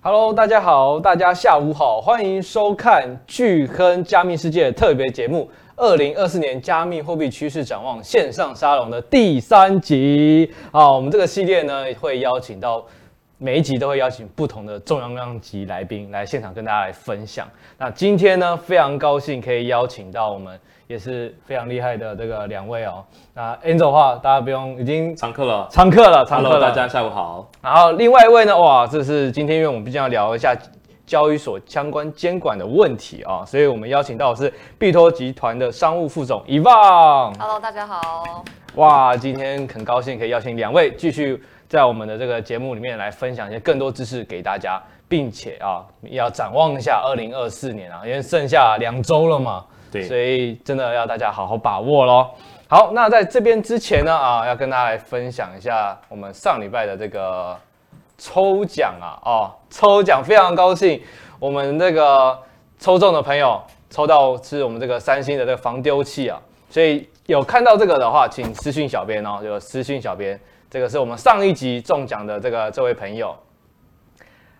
Hello，大家好，大家下午好，歡迎收看《鉅亨加密世界》特別節目——二零二四年加密貨幣趨勢展望線上沙龍的第三集。好，我們這個系列呢，會邀請到。每一集都會邀請不同的重量級來賓來現場跟大家來分享。那今天呢，非常高興可以邀請到我們也是非常厲害的這個兩位哦。那 Angel 的話，大家不用已經常客了，常客了，常客了。Hello, 大家下午好。然後另外一位呢，哇，這是今天因為我們畢竟要聊一下交易所相關監管的問題啊、哦，所以我們邀請到是幣託集團的商務副總 Yvonne。Hello，大家好。哇，今天很高興可以邀請兩位繼續。在我們的這個節目裡面來分享一些更多知識給大家，並且啊要展望一下二零二四年啊，因為剩下兩週了嘛，對，所以真的要大家好好把握嘍。好，那在這邊之前呢，啊，要跟大家來分享一下我們上禮拜的這個抽獎啊哦、啊，抽獎非常高興，我們這個抽中的朋友抽到是我們這個三星的這個防丟器啊，所以有看到這個的話，請私信小編哦，就、這個、私信小編。這個是我們上一集中獎的這個這位朋友。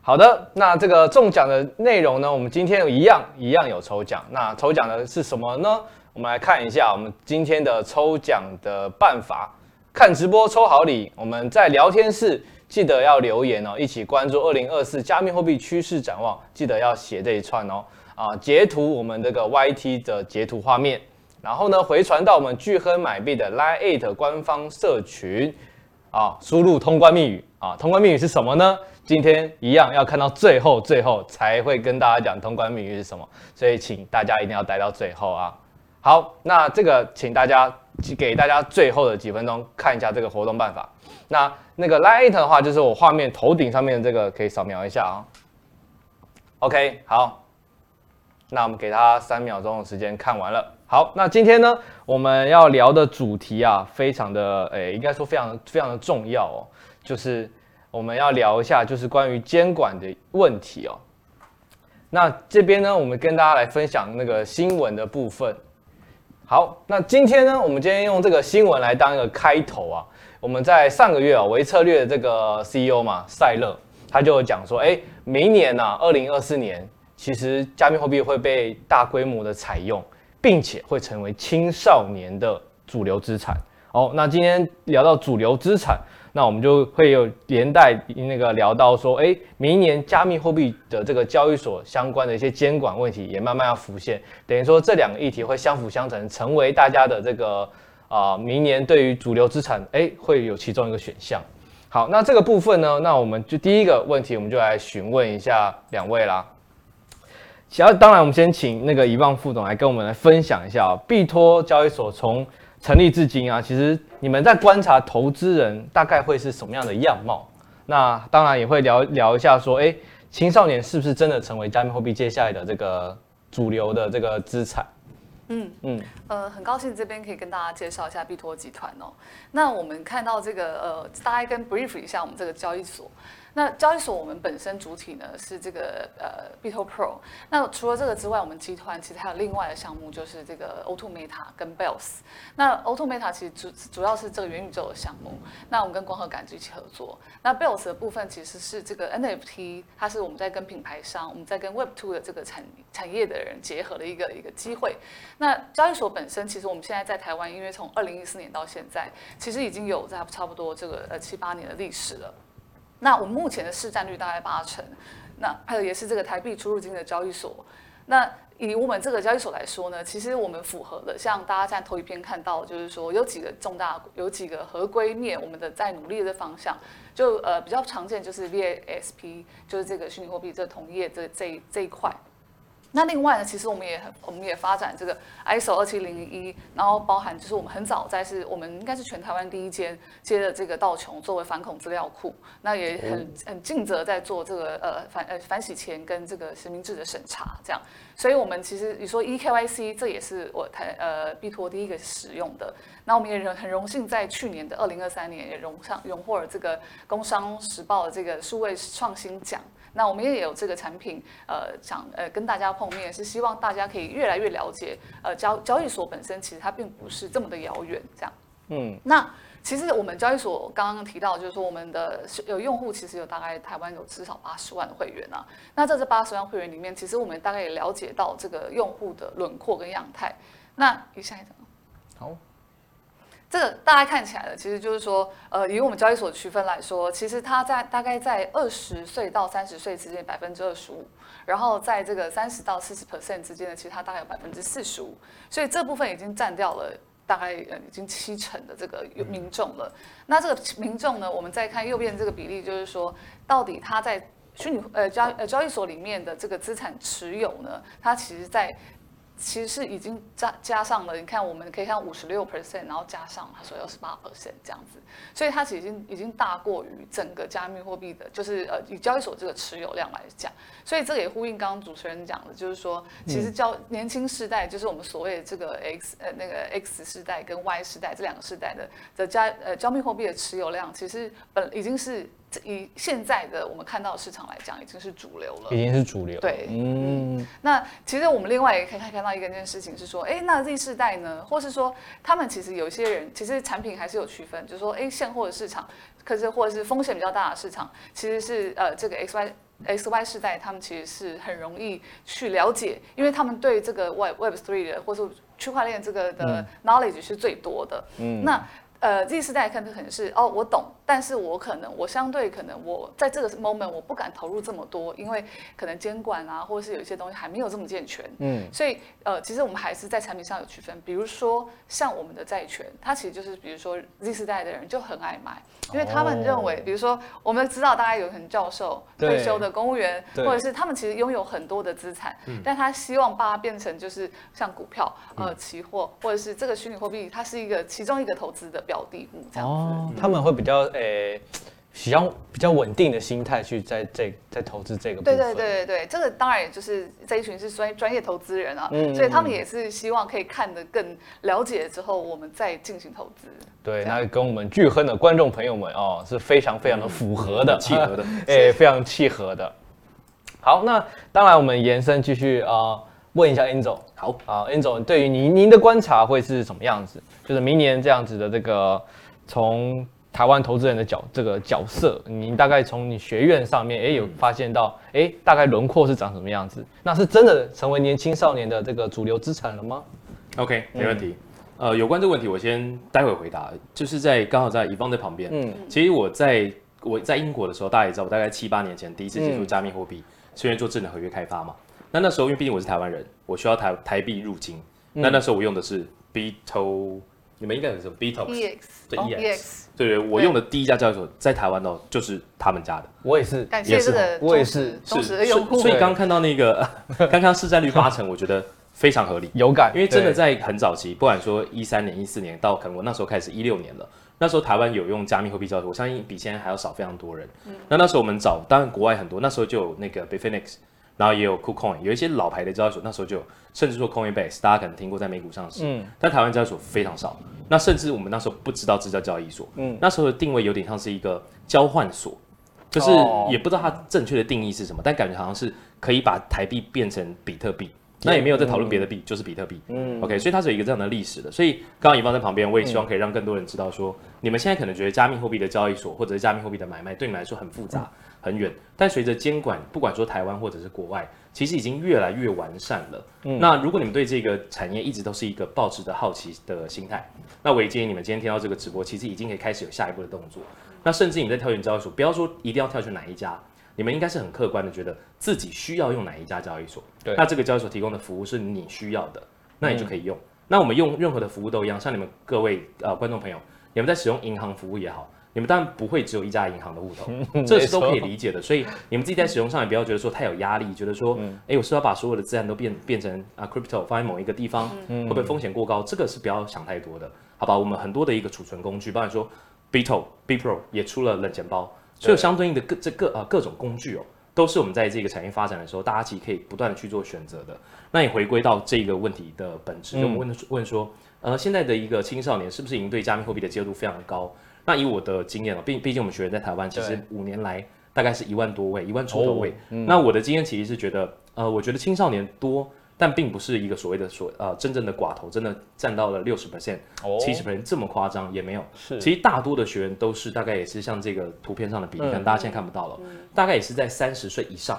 好的，那這個中獎的內容呢，我們今天一樣一樣有抽獎。那抽獎的是什麼呢？我們來看一下我們今天的抽獎的辦法：看直播抽好禮。我們在聊天室記得要留言哦，一起關注《二零二四加密貨幣趨勢展望》，記得要寫這一串哦。啊，截圖我們這個 YT 的截圖畫面，然後呢回傳到我們鉅亨買幣的 LINE@ 官方社群。啊，輸、哦、入通關密語啊、哦，通關密語是什麼呢？今天一樣要看到最後，最後才會跟大家講通關密語是什麼，所以請大家一定要待到最後啊。好，那這個請大家給大家最後的幾分鐘看一下這個活動辦法。那那個 LINE@ 的話，就是我畫面頭頂上面的這個可以掃描一下啊、哦。OK，好，那我們給他三秒鐘的時間看完了。好，那今天呢，我們要聊的主題啊，非常的，誒、欸，應該說非常非常的重要哦，就是我們要聊一下，就是關於監管的問題哦。那這邊呢，我們跟大家來分享那個新聞的部分。好，那今天呢，我們今天用這個新聞來當一個開頭啊。我們在上個月啊，微策略的這個 CEO 嘛，賽勒，他就講說，哎、欸，明年啊二零二四年，其實加密貨幣會被大規模的採用。並且會成為青少年的主流資產。好、oh，那今天聊到主流資產，那我們就會有連帶那個聊到說，誒、欸，明年加密貨幣的這個交易所相關的一些監管問題也慢慢要浮現，等於說這兩個議題會相輔相成，成為大家的這個啊、呃，明年對於主流資產，誒、欸，會有其中一個選項。好，那這個部分呢，那我們就第一個問題，我們就來詢問一下兩位啦。想要當然，我們先請那個一忘副總來跟我們來分享一下，哦，幣托交易所從成立至今啊，其實你們在觀察投資人大概會是什麼樣的樣貌？那當然也會聊聊一下說，說哎，青少年是不是真的成為加密貨幣接下來的這個主流的這個資產？嗯嗯，嗯呃，很高興這邊可以跟大家介紹一下幣托集團哦。那我們看到這個呃，大概跟 brief 一下我們這個交易所。那交易所我們本身主體呢是這個呃 BitoPro，那除了這個之外，我們集團其實還有另外的項目，就是這個 Oto Meta 跟 Bells。那 Oto Meta 其實主主要是這個元宇宙的項目，那我們跟光禾感知一起合作。那 Bells 的部分其實是這個 NFT，它是我們在跟品牌商，我們在跟 Web 2的這個產產業的人結合的一個一個機會。那交易所本身其實我們現在在台灣，因為從二零一四年到現在，其實已經有在差不多這個呃七八年的歷史了。那我們目前的市占率大概八成，那還有也是這個台幣出入金的交易所。那以我們這個交易所來說呢，其實我們符合了，像大家現在頭一篇看到，就是說有幾個重大，有幾個合規面，我們的在努力的方向，就呃比較常見就是 VASP，就是這個虛擬貨幣這同業這這這一塊。那另外呢，其實我們也很我們也發展這個 ISO 二七零零一，然後包含就是我們很早在是我們應該是全台灣第一間接的這個道瓊作為反恐資料庫，那也很、嗯、很盡責在做這個呃反呃反洗錢跟這個實名制的審查，這樣，所以我們其實你說 EKYC，這也是我台呃幣託第一個使用的，那我們也很榮幸在去年的二零二三年也榮上榮獲了這個工商時報的這個數位創新獎。那我們也有這個產品，呃，想呃跟大家碰面，是希望大家可以越來越了解，呃，交交易所本身其實它並不是這麼的遙遠，這樣。嗯，那其實我們交易所剛剛提到，就是說我們的有用戶其實有大概台灣有至少八十萬的會員啊，那這八十萬會員裡面，其實我們大概也了解到這個用戶的輪廓跟樣態。那以下一張。好。這個大家看起來呢，其實就是說，呃，以我們交易所區分來說，其實他在大概在二十歲到三十歲之間百分之二十五，然後在這個三十到四十 percent 之間的，其實他大概有百分之四十五，所以這部分已經占掉了大概呃已經七成的這個民眾了。那這個民眾呢，我們再看右邊這個比例，就是說到底他在虛擬呃交呃交易所裡面的這個資產持有呢，它其實在。其實是已經加加上了，你看我們可以看五十六 percent，然後加上他說二十八 percent 這樣子，所以它已經已經大過於整個加密貨幣的，就是呃以交易所這個持有量來講，所以這個也呼應剛剛主持人講的，就是說其實交年輕世代，就是我們所謂的這個 X 呃那個 X 世代跟 Y 世代這兩個世代的的加呃加密貨幣的持有量，其實本已經是。以現在的我們看到的市場來講，已經是主流了。已經是主流。對，嗯，嗯。那其實我們另外也可以看到一個件事情是說，哎、欸，那 Z 世代呢，或是說他們其實有些人其實產品還是有區分，就是說，哎、欸，現貨的市場，可是或者是風險比較大的市場，其實是呃這個 X Y X Y 世代他們其實是很容易去了解，因為他們對這個 Web, Web Web Three 的或者區塊鏈這個的 knowledge 是最多的。嗯。那。呃，Z 世代可能可能是哦，我懂，但是我可能我相對可能我在這個 moment 我不敢投入這麼多，因為可能監管啊，或者是有一些東西還沒有這麼健全，嗯，所以呃，其實我們還是在產品上有區分，比如說像我們的債權，它其實就是比如說 Z 世代的人就很愛買，因為他們認為，哦、比如說我們知道大家有可能教授對退休的公務員，對或者是他們其實擁有很多的資產，嗯、但他希望把它變成就是像股票、呃期貨、嗯、或者是這個虛擬貨幣，它是一個其中一個投資的。表弟妹這、哦、他們會比較誒、欸，喜，歡比較穩定的心態去在這在投資這個。對對對對對，這個當然也就是這一群是專專業投資人啊，嗯，嗯，所以他們也是希望可以看得更了解之後，我們再進行投資。對，樣那跟我們鉅亨的觀眾朋友們哦，是非常非常的符合的，嗯、 契合的，誒 是、欸，非常契合的。好，那當然我們延伸繼續啊。呃問一下 Angel 好啊，Angel，uh, Angel, 對於您您的觀察會是什麼樣子？就是明年這樣子的這個，從台灣投資人的角這個角色，您大概從你學院上面哎有發現到哎、嗯、大概輪廓是長什麼樣子？那是真的成為年輕少年的這個主流資產了嗎？OK，沒問題。嗯、呃，有關這個問題，我先待會回答，就是在剛好在乙方在旁邊。嗯，其實我在我在英國的時候，大家也知道，我大概七八年前第一次接觸加密貨幣，嗯、是因為做智能合約開發嘛。那那時候，因為畢竟我是台灣人，我需要台台幣入金。那那時候我用的是 Bito 你們應該很熟 Bito 對，EX。對對，我用的第一家交易所，在台灣哦，就是他們家的。我也是，也是，我也是，是。所以剛看到那個，剛剛市占率八成，我覺得非常合理，有感。因為真的在很早期，不管說一三年、一四年到，可能我那時候開始一六年了，那時候台灣有用加密貨幣交易，我相信比現在還要少非常多人。那那時候我們找，當然國外很多，那時候就有那個 Bitfinex 然後也有 KuCoin 有一些老牌的交易所，那時候就甚至說 Coinbase，大家可能聽過在美股上市，嗯、但台灣交易所非常少。那甚至我們那時候不知道這叫交易所，嗯、那時候的定位有點像是一個交換所，就是也不知道它正確的定義是什麼，但感覺好像是可以把台幣變成比特幣，嗯、那也沒有在討論別的幣，嗯、就是比特幣。嗯、OK，所以它是有一個這樣的歷史的。所以剛剛尹放在旁邊，我也希望可以讓更多人知道說，嗯、你們現在可能覺得加密貨幣的交易所或者是加密貨幣的買賣，對你們來說很複雜。嗯很遠，但隨着監管，不管說台灣或者是國外，其實已經越來越完善了。嗯，那如果你們對這個產業一直都是一個抱持的好奇的心態，那我也建議你們今天聽到這個直播，其實已經可以開始有下一步的動作。嗯、那甚至你在挑選交易所，不要說一定要挑選哪一家，你們應該是很客觀的，覺得自己需要用哪一家交易所。對，那這個交易所提供的服務是你需要的，那你就可以用。嗯、那我們用任何的服務都一樣，像你們各位呃觀眾朋友，你們在使用銀行服務也好。你們當然不會只有一家銀行的戶頭，這個、是都可以理解的。所以你們自己在使用上也不要覺得說太有壓力，覺得說哎、嗯，我是要把所有的資產都變變成啊，crypto 放在某一個地方，嗯、會不會風險過高？這個是不要想太多的，好吧？我們很多的一個儲存工具，包括說 bito、BitoPro 也出了冷錢包，所以有相對應的各這對各啊各種工具哦，都是我們在這個產業發展的時候，大家其實可以不斷的去做選擇的。那你回歸到這個問題的本質，就問、嗯、問說，呃，現在的一個青少年是不是已經對加密貨幣的接受度非常高？那以我的經驗，畢畢竟我們學員在台灣，其實五年來大概是一萬多位，一對萬出右位。哦嗯、那我的經驗其實是覺得，呃，我覺得青少年多，但並不是一個所謂的所呃真正的寡頭，真的占到了六十 percent，七十 percent 這麼誇張也沒有。是，其實大多的學員都是大概也是像這個圖片上的比例，可能、嗯、大家現在看不到了，嗯、大概也是在三十歲以上，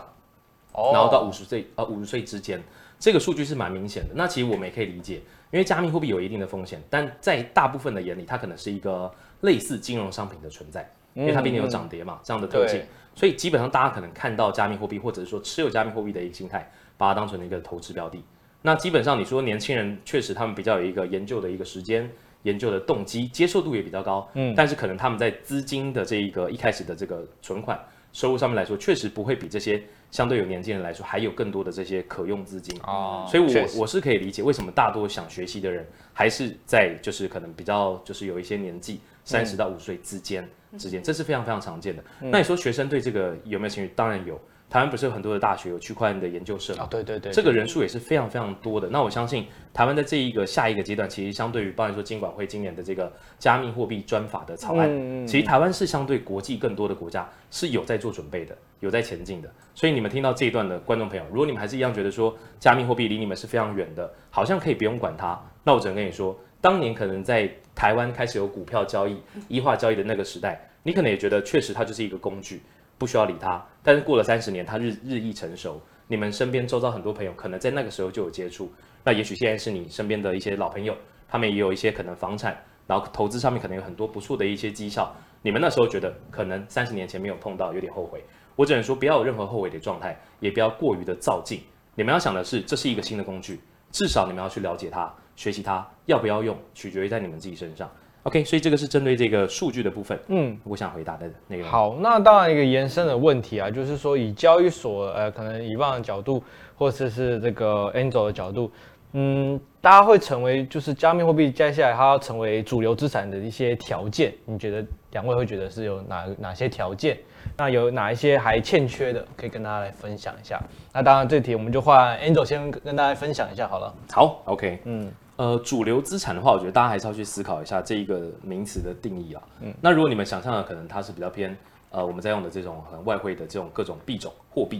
哦、然後到五十歲呃五十歲之間，這個數據是蠻明顯的。那其實我們也可以理解，嗯、因為加密貨幣有一定的風險，但在大部分的眼裡，它可能是一個。類似金融商品的存在，因為它畢竟有漲跌嘛、嗯、這樣的特性，對所以基本上大家可能看到加密貨幣，或者是說持有加密貨幣的一個心態，把它當成一個投資標的。那基本上你說年輕人確實他們比較有一個研究的一個時間、研究的動機、接受度也比較高，嗯，但是可能他們在資金的這一個一開始的這個存款收入上面來說，確實不會比這些相對有年輕人來說還有更多的這些可用資金、啊、所以我實我是可以理解為什麼大多想學習的人還是在就是可能比較就是有一些年紀。三十到五十歲之間、嗯、之間，這是非常非常常見的。嗯、那你說學生對這個有沒有興趣？當然有。台灣不是有很多的大學有區塊鏈的研究社、哦、對對對，這個人數也是非常非常多的。嗯、那我相信台灣在這一個下一個階段，其實相對於，包含說金管會今年的這個加密貨幣專法的草案，嗯、其實台灣是相對國際更多的國家是有在做準備的，有在前進的。所以你們聽到這一段的觀眾朋友，如果你們還是一樣覺得說加密貨幣離你們是非常遠的，好像可以不用管它，那我只能跟你說。當年可能在台灣開始有股票交易，e 化交易的那個時代，你可能也覺得確實它就是一個工具，不需要理它。但是過了三十年，它日日益成熟。你們身邊周遭很多朋友可能在那個時候就有接觸，那也許現在是你身邊的一些老朋友，他們也有一些可能房產，然後投資上面可能有很多不錯的一些績效。你們那時候覺得可能三十年前沒有碰到，有點後悔。我只能說不要有任何後悔的狀態，也不要過於的躁進。你們要想的是這是一個新的工具，至少你們要去了解它，學習它，要不要用，取決於在你們自己身上。OK，所以這個是針對這個數據的部分。嗯，我想回答的那個。好，那當然一個延伸的問題啊，就是說以交易所呃可能以往的角度，或者是，是這個 Angel 的角度，嗯，大家會成為就是加密貨幣接下來它要成為主流資產的一些條件，你覺得兩位會覺得是有哪哪些條件？那有哪一些還欠缺的，可以跟大家來分享一下。那當然這題我們就換 Angel 先跟大家分享一下好了。好，OK，嗯。呃，主流資產的話，我覺得大家還是要去思考一下這一個名詞的定義啊。嗯、那如果你們想象的可能它是比較偏呃，我們在用的這種可能外匯的這種各種幣種貨幣，貨幣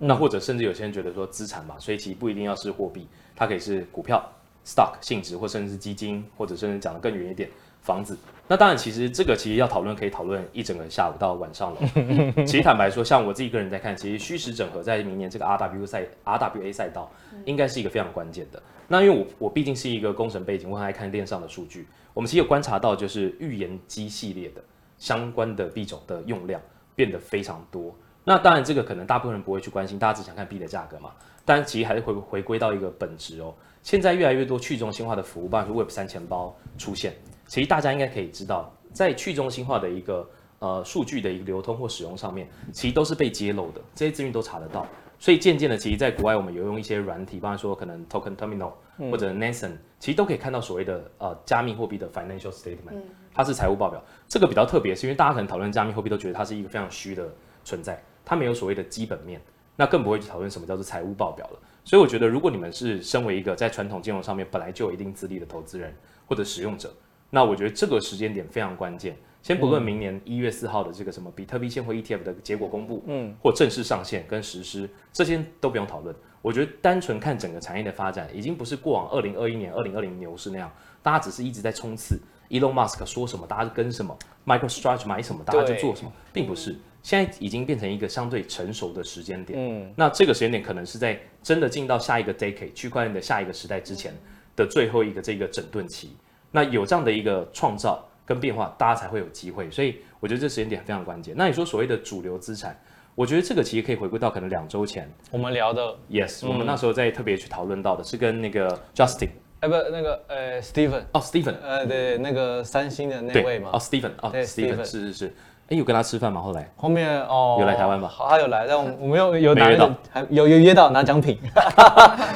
嗯、那或者甚至有些人覺得說資產嘛，所以其實不一定要是貨幣，它可以是股票、stock、性質，或甚至是基金，或者甚至講得更遠一點，房子。那當然，其實這個其實要討論可以討論一整個下午到晚上了。 其實坦白說，像我自己一個人在看，其實虛實整合在明年這個 RW 賽 RWA 賽道、嗯、應該是一個非常關鍵的。那因為我我畢竟是一個工程背景，我愛看鏈上的數據。我們其實有觀察到，就是預言機系列的相關的幣種的用量變得非常多。那當然，這個可能大部分人不會去關心，大家只想看幣的價格嘛。但其實還是回回歸到一個本質哦。現在越來越多去中心化的服務，不管是 Web 三錢包出現，其實大家應該可以知道，在去中心化的一個呃數據的一個流通或使用上面，其實都是被揭露的，這些資訊都查得到。所以漸漸的，其實，在國外我們有用一些軟體，比如說可能 Token Terminal 或者 Nansen，其實都可以看到所謂的呃加密貨幣的 financial statement，它是財務報表。嗯、這個比較特別，是因為大家可能討論加密貨幣都覺得它是一個非常虛的存在，它沒有所謂的基本面，那更不會去討論什麼叫做財務報表了。所以我覺得，如果你們是身為一個在傳統金融上面本來就有一定資歷的投資人或者使用者，那我覺得這個時間點非常關鍵。先不論明年一月四號的這個什麼比特幣現貨 ETF 的結果公布，嗯，或正式上線跟實施，這些都不用討論。我覺得單純看整個產業的發展，已經不是過往二零二一年、二零二零牛市那樣，大家只是一直在衝刺、e。Elon Musk 說什麼，大家就跟什麼；MicroStrategy 買什麼，大家就做什麼，對並不是。嗯、現在已經變成一個相對成熟的時間點。嗯，那這個時間點可能是在真的進到下一個 decade 區塊鏈的下一個時代之前的最後一個這個整頓期。那有這樣的一個創造。跟變化，大家才會有機會，所以我覺得這時間點非常關鍵。那你說所謂的主流資產，我覺得這個其實可以回歸到可能兩周前我們聊的，yes，、嗯、我們那時候在特別去討論到的是跟那個 Justin，哎、欸、不，那個、欸 Steven 哦、Steven，呃 Steven，哦 Steven，呃對，嗯、那個三星的那位嘛，哦 Steven，哦 Steven，是是是。哎，有跟他吃飯嗎？後來，後面哦，有來台灣吧？好，他有來，但我們有有約到，還有有約到拿獎品。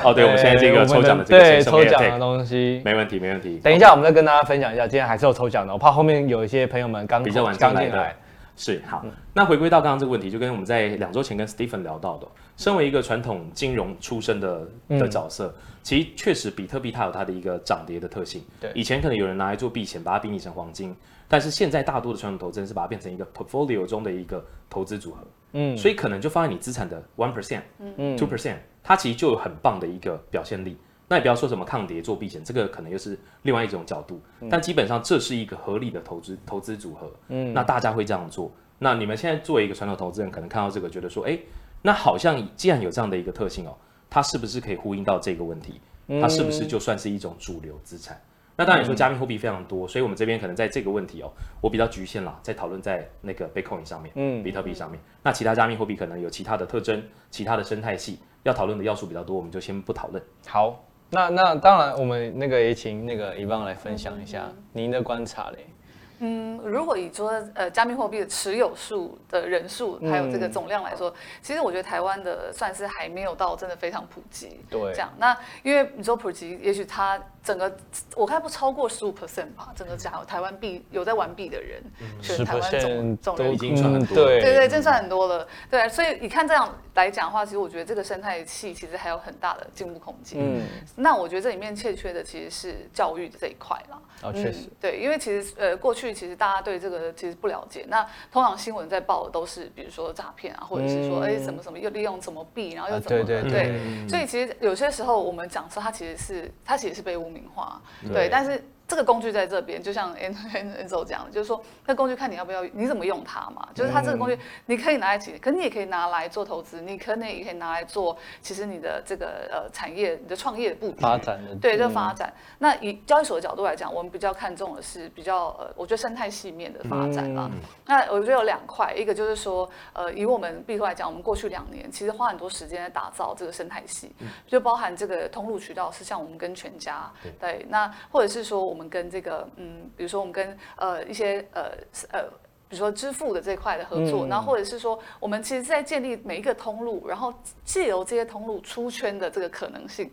哦，對，我們現在這個抽獎的這個對抽獎的東西，沒問題，沒問題。等一下，我們再跟大家分享一下，今天還是有抽獎的，我怕後面有一些朋友們剛比較晚剛來，是好。那回歸到剛剛這個問題，就跟我們在兩周前跟 Stephen 聊到的，身為一個傳統金融出身的的角色，其實確實比特幣它有它的一個漲跌的特性。對，以前可能有人拿來做避險，把它定義成黃金。但是現在大多的傳統投資人是把它變成一個 portfolio 中的一個投資組合，嗯，所以可能就放在你資產的 one percent，嗯嗯，two percent，它其實就有很棒的一個表現力。那也不要說什麼抗跌做避險，這個可能又是另外一種角度。但基本上這是一個合理的投資投資組合，嗯，那大家會這樣做。那你們現在作為一個傳統投資人，可能看到這個，覺得說，誒、欸，那好像既然有這樣的一個特性哦，它是不是可以呼應到這個問題？它是不是就算是一種主流資產？嗯那當然，你說加密貨幣非常多，嗯、所以我們這邊可能在這個問題哦，我比較侷限了，在討論在那個 Bitcoin 上面，嗯，比特幣上面，那其他加密貨幣可能有其他的特徵，其他的生態系要討論的要素比較多，我們就先不討論。好，那那當然，我們那個也請那個 Evan 來分享一下、嗯、您的觀察嘞。嗯，如果以說呃加密貨幣的持有數的人數，還有這個總量來說，嗯、其實我覺得台灣的算是還沒有到真的非常普及，對，這樣。那因為你說普及，也許它。整個我看不超過十五 percent 吧，整個講台灣幣有在玩幣的人，全台灣總總人口已經算，對對對，真算很多了，對，所以你看這樣來講的話，其實我覺得這個生態系其實還有很大的進步空間。嗯，那我覺得這裡面欠缺的其實是教育這一塊啦。哦，確實，對，因為其實呃過去其實大家對這個其實不了解，那通常新聞在報的都是比如說詐騙啊，或者是說哎什麼什麼又利用怎麼幣，然後又怎麼對，所以其實有些時候我們講說它其實是它其實是被污。名化，對，對，但是。這個工具在這邊，就像 Enzo 講的就是說，那工具看你要不要，你怎麼用它嘛。就是它這個工具，嗯、你可以拿來其實，可你也可以拿來做投資，你可能也可以拿來做，其實你的這個呃產業，你的創業的布局發展，對，嗯、這個發展。那以交易所的角度來講，我們比較看重的是比較呃，我覺得生態系面的發展啊。嗯、那我覺得有兩塊，一個就是說，呃，以我們幣客來講，我們過去兩年其實花很多時間來打造這個生態系，嗯、就包含這個通路渠道，是像我們跟全家，對，對，那或者是說我們。跟這個，嗯，比如說我們跟呃一些呃呃，比如說支付的這塊的合作，嗯、然後或者是說，我們其實在建立每一個通路，然後借由這些通路出圈的這個可能性，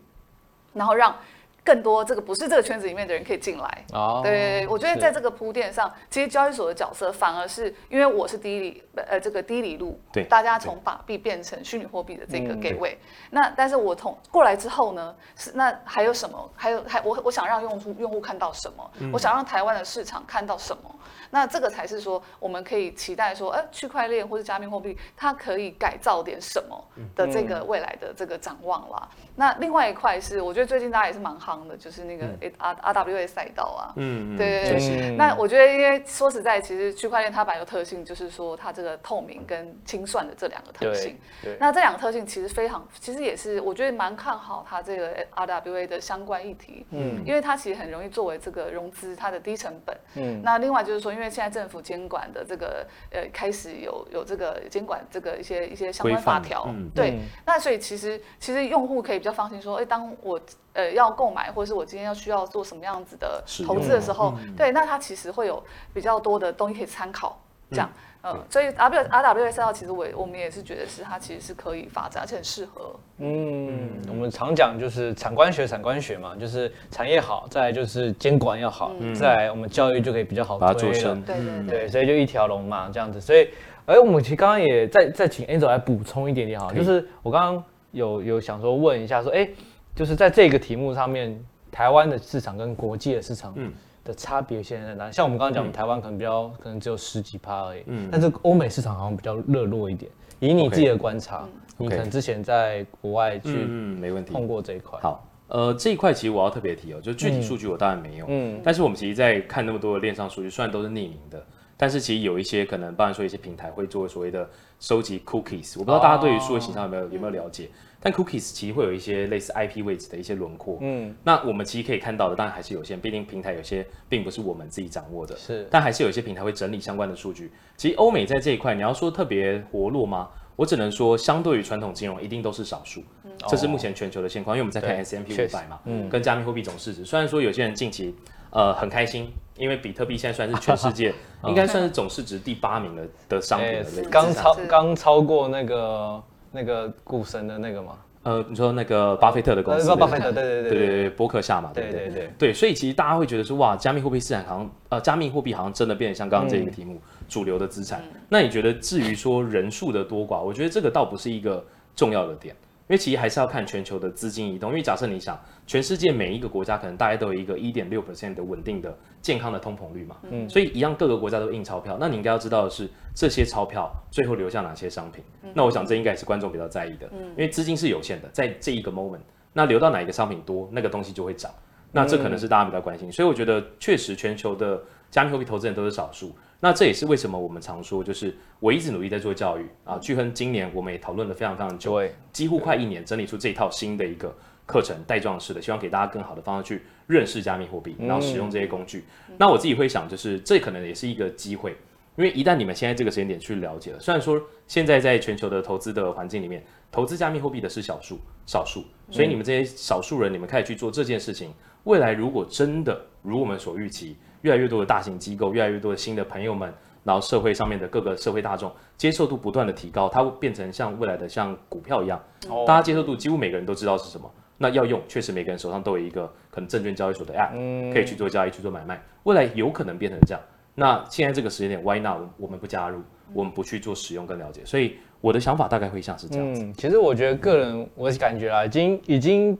然後讓。更多這個不是這個圈子裡面的人可以進來啊。哦、對，對，我覺得在這個鋪墊上，其實交易所的角色反而是因為我是第一哩呃，這個第一哩路，對，大家從法幣變成虛擬貨幣的這個 gateway。那但是我從過來之後呢，是那還有什麼？還有還我我想讓用戶用戶看到什麼？我想讓台灣的市場看到什麼？那這個才是說我們可以期待說，呃，區塊鏈或者加密貨幣它可以改造點什麼的這個未來的這個展望啦。那另外一塊是，我覺得最近大家也是蠻夯的，就是那個 RWA 賽道啊。嗯對對對。嗯、那我覺得，因為說實在，其實區塊鏈它有個特性，就是說它這個透明跟清算的這兩個特性。對,對那這兩個特性其實非常，其實也是我覺得蠻看好它這個 RWA 的相關議題。嗯。因為它其實很容易作為這個融資，它的低成本。嗯。那另外就是說，因為現在政府監管的這個呃，開始有有這個監管這個一些一些相關法條。嗯、對。嗯、那所以其實其實用戶可以比較。放心說，哎、欸，當我呃要購買或者是我今天要需要做什麼樣子的投資的時候，嗯嗯嗯、對，那它其實會有比較多的東西可以參考，這樣，嗯、呃，所以 R RWS 號、嗯，其實我我們也是覺得是它其實是可以發展，而且很適合。嗯，我們常講就是產官學產官學嘛，就是產業好，再來就是監管要好，嗯、再來我們教育就可以比較好把它做對、嗯、對，所以就一條龍嘛這樣子，所以哎，我們其實剛剛也再再請 Angel 來補充一點點哈，以就是我剛剛。有有想說問一下說，說、欸、哎，就是在這個題目上面，台灣的市場跟國際的市場的差別現在，在哪？像我們剛剛講，嗯、台灣可能比較可能只有十幾趴而已，嗯、但是歐美市場好像比較熱絡一點。以你自己的觀察，okay, 你可能之前在國外去、嗯、通過這一塊、嗯，好，呃，這一塊其實我要特別提哦，就具體數據我當然沒有，嗯，但是我們其實在看那麼多的鏈上數據，雖然都是匿名的。但是其實有一些可能，包含說，一些平台會做所謂的收集 cookies，我不知道大家對於數位隱私有沒有、哦嗯、有沒有了解？但 cookies 其實會有一些類似 IP 位置的一些輪廓。嗯，那我們其實可以看到的，當然還是有限，畢竟平台有些並不是我們自己掌握的。是，但還是有一些平台會整理相關的數據。其實歐美在這一塊，你要說特別活絡嗎？我只能說，相對於傳統金融，一定都是少數。嗯、這是目前全球的現況，因為我們在看 S M、嗯、對 P 五百嘛，嗯，跟加密貨幣總市值。雖然說有些人近期。呃，很開心，因為比特幣現在算是全世界、 嗯、應該算是總市值第八名的的商品了、欸，剛超剛超過那個那個股神的那個嘛，呃，你說那個巴菲特的公司，呃、對對巴菲特，對對對對對對，對對，伯克夏嘛，對對對對，對，所以其實大家會覺得說，哇，加密貨幣市場好像，呃，加密貨幣好像真的變得像剛剛這一個題目、嗯、主流的資產。嗯、那你覺得至於說人數的多寡，我覺得這個倒不是一個重要的點。因為其實還是要看全球的資金移動。因為假設你想，全世界每一個國家可能大概都有一個一點六%的穩定的健康的通膨率嘛，嗯，所以一樣各個國家都印鈔票，那你應該要知道的是這些鈔票最後留下哪些商品。嗯、那我想這應該也是觀眾比較在意的，嗯，因為資金是有限的，在這一個 moment，那留到哪一個商品多，那個東西就會漲，那這可能是大家比較關心。嗯、所以我覺得確實全球的加密貨幣投資人都是少數。那這也是為什麼我們常說，就是我一直努力在做教育啊。鉅亨今年我們也討論了非常非常久，幾乎快一年，整理出這一套新的一個課程，帶狀式的，希望給大家更好的方式去認識加密貨幣，然後使用這些工具。那我自己會想，就是這可能也是一個機會，因為一旦你們現在這個時間點去了解了，雖然說現在在全球的投資的環境裡面，投資加密貨幣的是少數少數，所以你們這些少數人，你們開始去做這件事情，未來如果真的如我們所預期。越來越多的大型機構，越來越多的新的朋友們，然後社會上面的各個社會大眾接受度不斷的提高，它會變成像未來的像股票一樣，oh. 大家接受度幾乎每個人都知道是什麼。那要用，確實每個人手上都有一個可能證券交易所的 App，可以去做交易、去做買賣。未來有可能變成這樣。那現在這個時間點，Why not？我們不加入，我們不去做使用跟了解。所以我的想法大概會像是這樣、嗯、其實我覺得個人我感覺、啊、已經已經已經，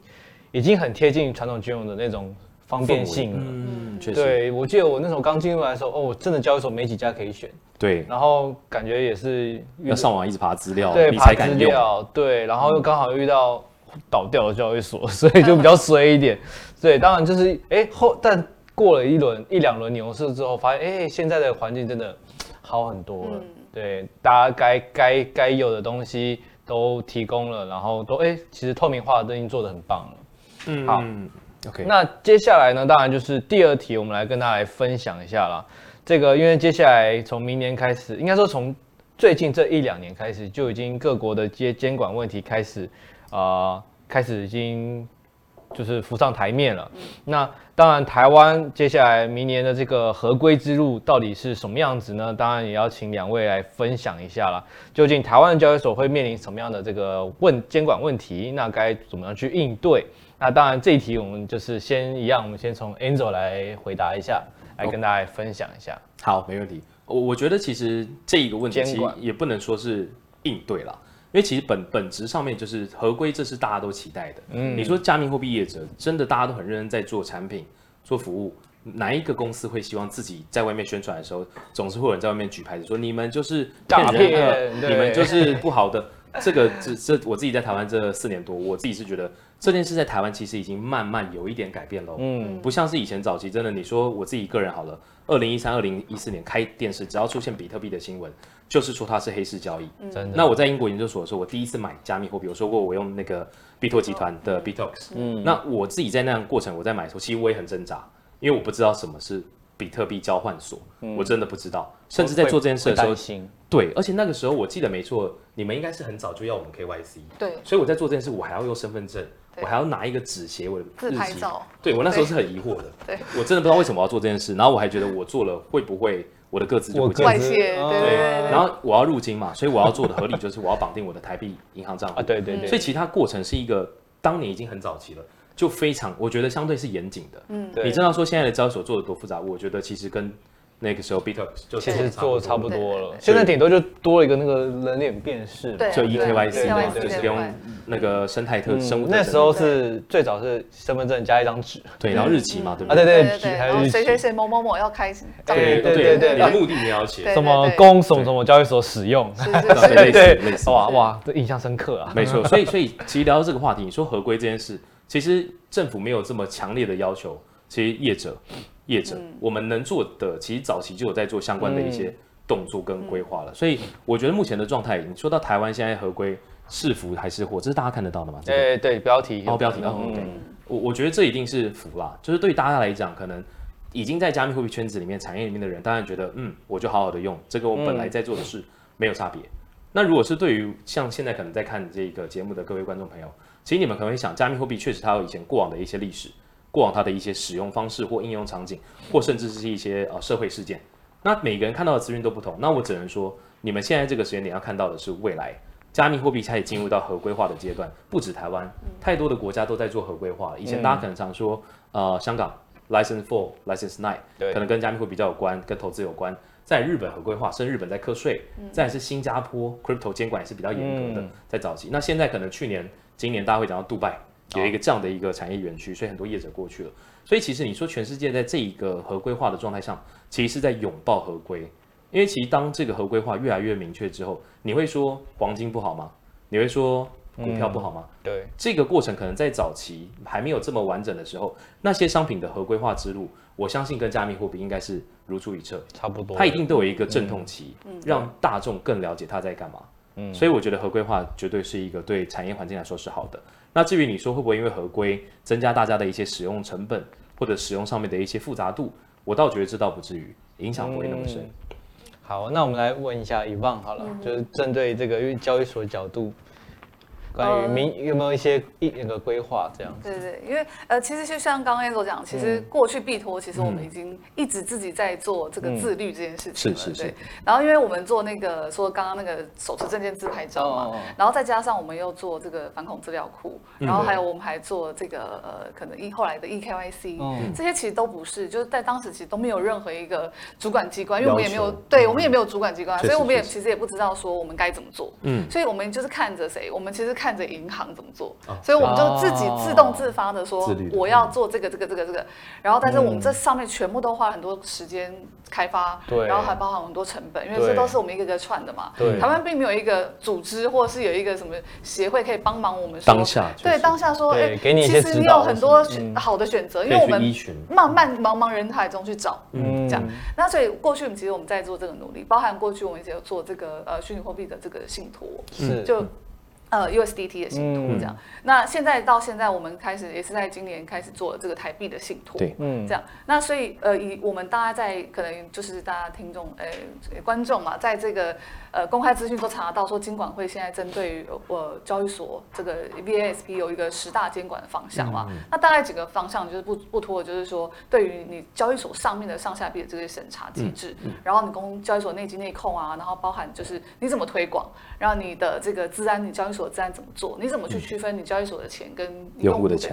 已經很貼近傳統金融的那種。方便性了，嗯，確實。對，我記得我那時候剛進入來的時候，哦，我真的交易所沒幾家可以選。對。然後感覺也是要上網一直爬資料，對，爬資料，對。然後又剛好遇到倒掉的交易所，所以就比較衰一點。 對，當然就是，哎、欸，後但過了一輪一兩輪牛市之後，發現，哎、欸，現在的環境真的好很多了。嗯、對，大家該該該有的東西都提供了，然後都，哎、欸，其實透明化的東西做的很棒了。嗯。好。Okay. 那接下來呢？當然就是第二題，我們來跟大家來分享一下啦。這個因為接下來從明年開始，應該說從最近這一兩年開始，就已經各國的監管問題開始，啊，開始已經就是浮上檯面了。那當然，台灣接下來明年的這個合規之路到底是什麼樣子呢？當然也要請兩位來分享一下啦。究竟台灣的交易所會面臨什麼樣的這個問監管問題？那該怎麼樣去應對？那當然，這一題我們就是先一樣，我們先從 Angel 來回答一下，來跟大家分享一下。哦、好，沒問題。我我覺得其實這一個問題，其實也不能說是應對啦，因為其實本本質上面就是合規，這是大家都期待的。嗯，你說加密貨幣業者真的大家都很認真在做產品、做服務，哪一個公司會希望自己在外面宣傳的時候，總是會有人在外面舉牌子說你們就是詐騙的，你們就是不好的？ 這個這這我自己在台灣這四年多，我自己是覺得這件事在台灣其實已經慢慢有一點改變了。嗯，不像是以前早期，真的你說我自己個人好了，二零一三、二零一四年開電視，只要出現比特幣的新聞，就是說它是黑市交易。嗯，那我在英國研究所的時候，我第一次買加密貨幣，我說過我用那個幣托集團的幣拓。嗯，那我自己在那樣過程，我在買的時候，其實我也很掙扎，因為我不知道什麼是比特幣交換所，嗯，我真的不知道，甚至在做這件事的時候。對，而且那個時候我記得沒錯，你們應該是很早就要我們 KYC。對，所以我在做這件事，我還要用身份證，對我還要拿一個紙寫我的日期。拍照。對，我那時候是很疑惑的，對 對我真的不知道為什麼要做這件事。然後我還覺得我做了會不會我的個資就會不？我對,、哦、對。然後我要入金嘛，所以我要做的合理就是我要綁定我的台幣銀行賬戶。啊、對對對。所以其他過程是一個，當年已經很早期了，就非常，我覺得相對是嚴謹的。嗯對。你知道說現在的交易所做的多複雜，我覺得其實跟。那個時候，BitoEX 其實做差不多了，現在頂多就多了一個那個人臉辨識，就 EKYC，就是用那個生態特徵。那時候是最早是身份證加一張紙，對，然後日期嘛，對不對？啊，對對對對。然後誰誰誰某某某要開，對對對，你的目的你要寫，什麼供什麼什麼交易所使用，對對對，哇哇，這印象深刻啊，沒錯。所以所以其實聊到這個話題，你說合規這件事，其實政府沒有這麼強烈的要求。其實業者，業者，嗯、我們能做的，其實早期就有在做相關的一些動作跟規劃了。嗯、所以我覺得目前的狀態，已經說到台灣現在合規是福還是禍，這是大家看得到的嘛、這個欸？對、哦嗯、對，標題，然後標題，嗯，我我覺得這一定是福啦，就是對於大家來講，可能已經在加密貨幣圈子裡面、產業裡面的人，當然覺得，嗯，我就好好的用這個我本來在做的事，沒有差別。嗯、那如果是對於像現在可能在看這個節目的各位觀眾朋友，其實你們可能會想，加密貨幣確實它有以前過往的一些歷史。過往它的一些使用方式或應用場景，或甚至是一些呃社會事件，那每個人看到的資訊都不同。那我只能說，你們現在這個時間點要看到的是未來，加密貨幣開始進入到合規化的階段，不止台灣，太多的國家都在做合規化了。以前大家可能常說，嗯、呃，香港 license four license nine，對可能跟加密貨幣比較有關，跟投資有關。在日本合規化，甚至日本在課稅。再是新加坡，crypto 監管也是比較嚴格的，嗯、在早期。那現在可能去年、今年大家會講到杜拜。有一個這樣的一個產業園區，所以很多業者過去了。所以其實你說全世界在這一個合規化的狀態上，其實是在擁抱合規。因為其實當這個合規化越來越明確之後，你會說黃金不好嗎？你會說股票不好嗎？嗯、對，這個過程可能在早期還沒有這麼完整的時候，那些商品的合規化之路，我相信跟加密貨幣應該是如出一轍，差不多。它一定都有一個陣痛期，嗯嗯，讓大眾更了解它在幹嘛。所以我覺得合規化絕對是一個對產業環境來說是好的。那至於你說會不會因為合規增加大家的一些使用成本，或者使用上面的一些複雜度，我倒覺得這倒不至於，影響不會那麼深。嗯、好，那我們來問一下 Yvonne，好了，嗯、就是針對這個，因為交易所的角度。關於明有沒有一些一那個規劃這樣子？對，對對，因為呃，其實就像剛剛所講，其實過去幣託，其實我們已經一直自己在做這個自律這件事情、嗯、是是，是對。然後因為我們做那個說剛剛那個手持證件自拍照嘛，哦哦然後再加上我們又做這個反恐資料庫，然後還有我們還做這個呃可能一後來的 EKYC、嗯、這些其實都不是，就是在當時其實都沒有任何一個主管機關，因為我們也沒有，求對我們也沒有主管機關，嗯、所以我們也其實也不知道說我們該怎麼做。嗯，所以我們就是看着誰，我們其實看。看着銀行怎麼做，所以我們就自己自動自發的說、哦、的我要做這個這個這個這個。然後，但是我們這上面全部都花很多時間開發，嗯、對，然後還包含很多成本，因為這都是我們一個一個串的嘛。對，台灣並沒有一個組織或者是有一個什麼協會可以幫忙我們當下。對當下說，哎，給你一些指導，其實你有很多選、嗯、好的選擇，因為我們慢慢茫茫人海中去找，嗯、這樣。那所以過去我們其實我們在做這個努力，包含過去我們一直做這個呃虛擬貨幣的這個信托，嗯、是就。呃，USDT 的信託這樣，嗯、那現在到現在我們開始也是在今年開始做了這個台幣的信託，對，嗯，這樣，那所以呃，以我們大家在可能就是大家聽眾，呃，觀眾嘛，在這個。呃，公開資訊都查到說，金管會現在針對於我、呃、交易所這個 VASP 有一個十大監管的方向嘛、啊？嗯、那大概幾個方向就是不不拖，就是說對於你交易所上面的上下幣的這些審查機制，嗯嗯、然後你公交易所內稽內控啊，然後包含就是你怎麼推廣，然後你的這個資安，你交易所的資安怎麼做？你怎麼去區分你交易所的錢跟你用戶的錢？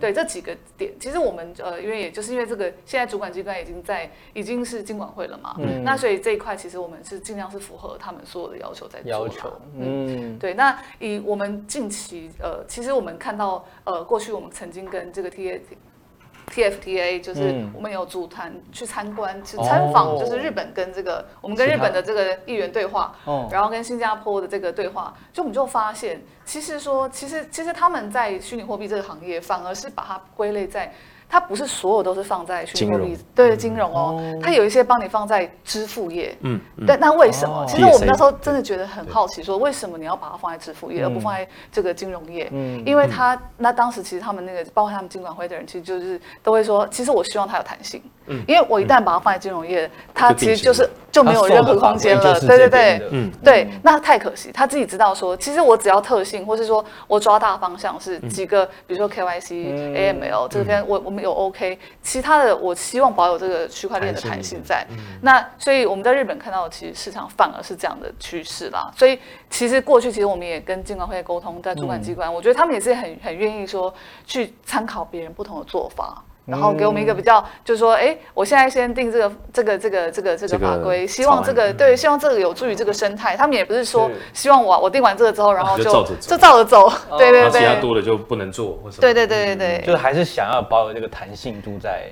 對這幾個點，其實我們呃，因為也就是因為這個現在主管機關已經在已經是金管會了嘛，嗯、那所以這一塊其實我們是儘量是符合。他們所有的要求在做嗯求，嗯，對。那以我們近期，呃，其實，我們看到，呃，過去我們曾經跟這個 TF、TFTA，就是我們有組團去參觀，嗯、去參訪，就是日本跟這個、哦、我們跟日本的這個議員對話，他哦、然後跟新加坡的這個對話，就我們就發現，其實說，其實其實他們在虛擬貨幣這個行業，反而是把它歸類在，它不是所有都是放在金融，對，金融哦，哦它有一些幫你放在支付業，嗯，但、嗯、那為什麼？哦、其實我們那時候真的覺得很好奇，說為什麼你要把它放在支付業，而不放在這個金融業？嗯，嗯嗯因為它那當時其實他們那個包括他們金管會的人，其實就是都會說，其實我希望它有彈性。因為我一旦把它放在金融業，它其實就是就沒有任何空間了，對對對，嗯，對，那太可惜。他自己知道說，其實我只要特性，或是說我抓大方向是幾個，比如說 KYC、AML 這邊，我我們有 OK，其他的我希望保有這個區塊鏈的彈性在。那所以我們在日本看到，其實市場反而是這樣的趨勢啦。所以其實過去其實我們也跟金管會溝通，在主管機關，我覺得他們也是很很願意說去參考別人不同的做法。然後給我們一個比較，嗯、就是說，哎，我現在先定這個，這個，這個，這個，這個法規，希望這個，對，希望這個有助於這個生態。他們也不是說希望我，是我定完這個之後，然後就就照、哦、就照着走，對對對，其他多的就不能做，或什麼對對對對對，就是還是想要保有這個彈性度在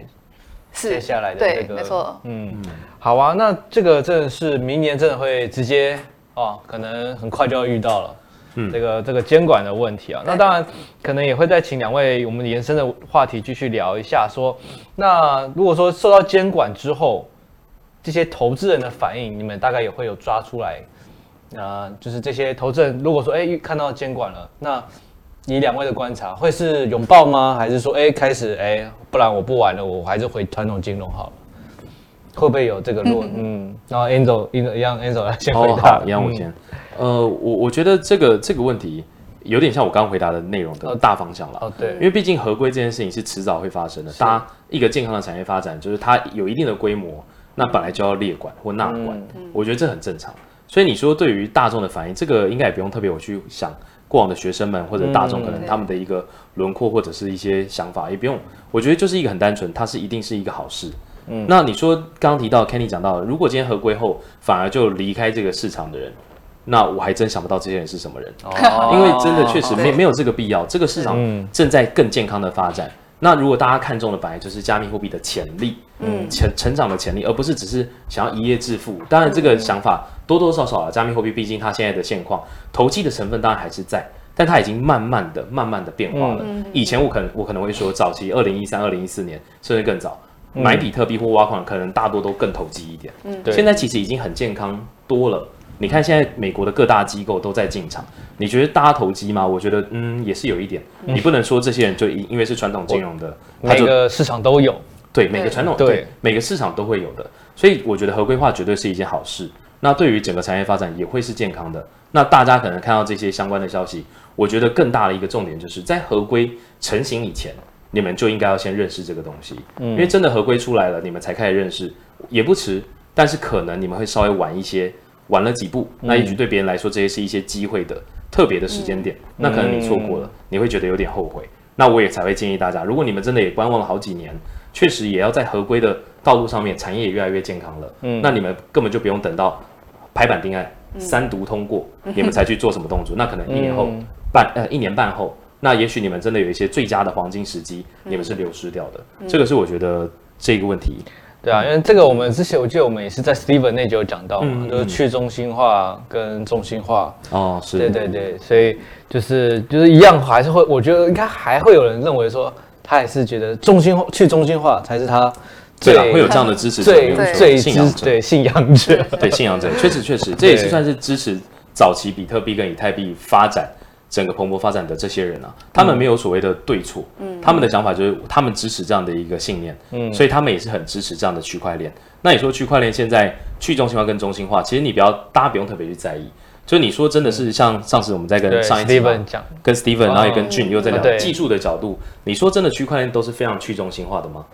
接下來的這個，對對沒錯嗯，嗯好啊，那這個真的是明年真的會直接哦，可能很快就要遇到了。這個這個監管的問題啊，那當然可能也會再請兩位我們延伸的話題繼續聊一下。說，那如果說受到監管之後，這些投資人的反應，你們大概也會有抓出來。啊，就是這些投資人如果說，哎，看到監管了，那你兩位的觀察，會是擁抱嗎？還是說，哎，開始，哎，不然我不玩了，我還是回傳統金融好了。後背有這個論嗯，然後 Angel，一樣 Angel 先回答、哦、好、一樣我先。嗯、呃，我我覺得這個這個問題有點像我剛剛回答的內容的大方向了，哦，對，因為畢竟合規這件事情是遲早會發生的。搭一個健康的產業發展，就是它有一定的規模，那本來就要列管或納管，我覺得這很正常。所以你說對於大眾的反應，這個應該也不用特別我去想過往的學生們或者大眾可能他們的一個輪廓或者是一些想法，也不用。我覺得就是一個很單純，它是一定是一個好事。嗯，那你說剛剛提到 Kenny 講到了，如果今天合規後反而就離開這個市場的人，那我還真想不到這些人是什麼人，哦、因為真的確實沒對沒有這個必要。這個市場正在更健康的發展。嗯、那如果大家看中的本來就是加密貨幣的潛力，嗯，成成長的潛力，而不是只是想要一夜致富。當然，這個想法多多少少啊，加密貨幣畢竟它現在的現況，投機的成分當然還是在，但它已經慢慢的、慢慢的變化了。嗯、以前我可能我可能會說，早期二零一三、二零一四年，甚至更早。買比特幣或挖礦，可能大多都更投機一點。嗯，對。現在其實已經很健康多了。你看，現在美國的各大機構都在進場，你覺得大家投機嗎？我覺得，嗯，也是有一點。嗯、你不能說這些人就因因為是傳統金融的，我就每個市場都有。嗯、對，每個傳統對，對，對每個市場都會有的。所以我覺得合規化絕對是一件好事。那對於整個產業發展也會是健康的。那大家可能看到這些相關的消息，我覺得更大的一個重點就是在合規成型以前。你們就應該要先認識這個東西，因為真的合規出來了，你們才開始認識也不遲，但是可能你們會稍微晚一些，晚了幾步，那也許對別人來說，這些是一些機會的特別的時間點，那可能你錯過了，你會覺得有點後悔。那我也才會建議大家，如果你們真的也觀望了好幾年，確實也要在合規的道路上面，產業也越來越健康了，那你們根本就不用等到拍板定案、三讀通過，你們才去做什麼動作，那可能一年後半呃一年半後。那也許你們真的有一些最佳的黃金時機，嗯、你們是流失掉的。嗯、這個是我覺得這個問題。對啊，因為這個我們之前，我記得我們也是在 Steven 那就有講到嘛，嗯、就是去中心化跟中心化。哦、嗯，是、嗯，對對對，所以就是就是一樣，還是會，我覺得應該還會有人認為說，他也是覺得中心化、去中心化才是他最。對啊，會有這樣的支持，最最信仰者，最對信仰者，對信仰者，確 實確實，這也是算是支持早期比特幣跟以太幣發展，整個蓬勃發展的這些人啊，他們沒有所謂的對錯，嗯，他們的想法就是他們支持這樣的一個信念，嗯，所以他們也是很支持這樣的區塊鏈。那你說區塊鏈現在去中心化跟中心化，其實你不要，大家不用特別去在意。就你說真的是像、嗯、上次我們在跟上一次對跟 Steven，Ste、哦、然後也跟 Jun 又在聊技術的角度，嗯、你說真的區塊鏈都是非常去中心化的嗎？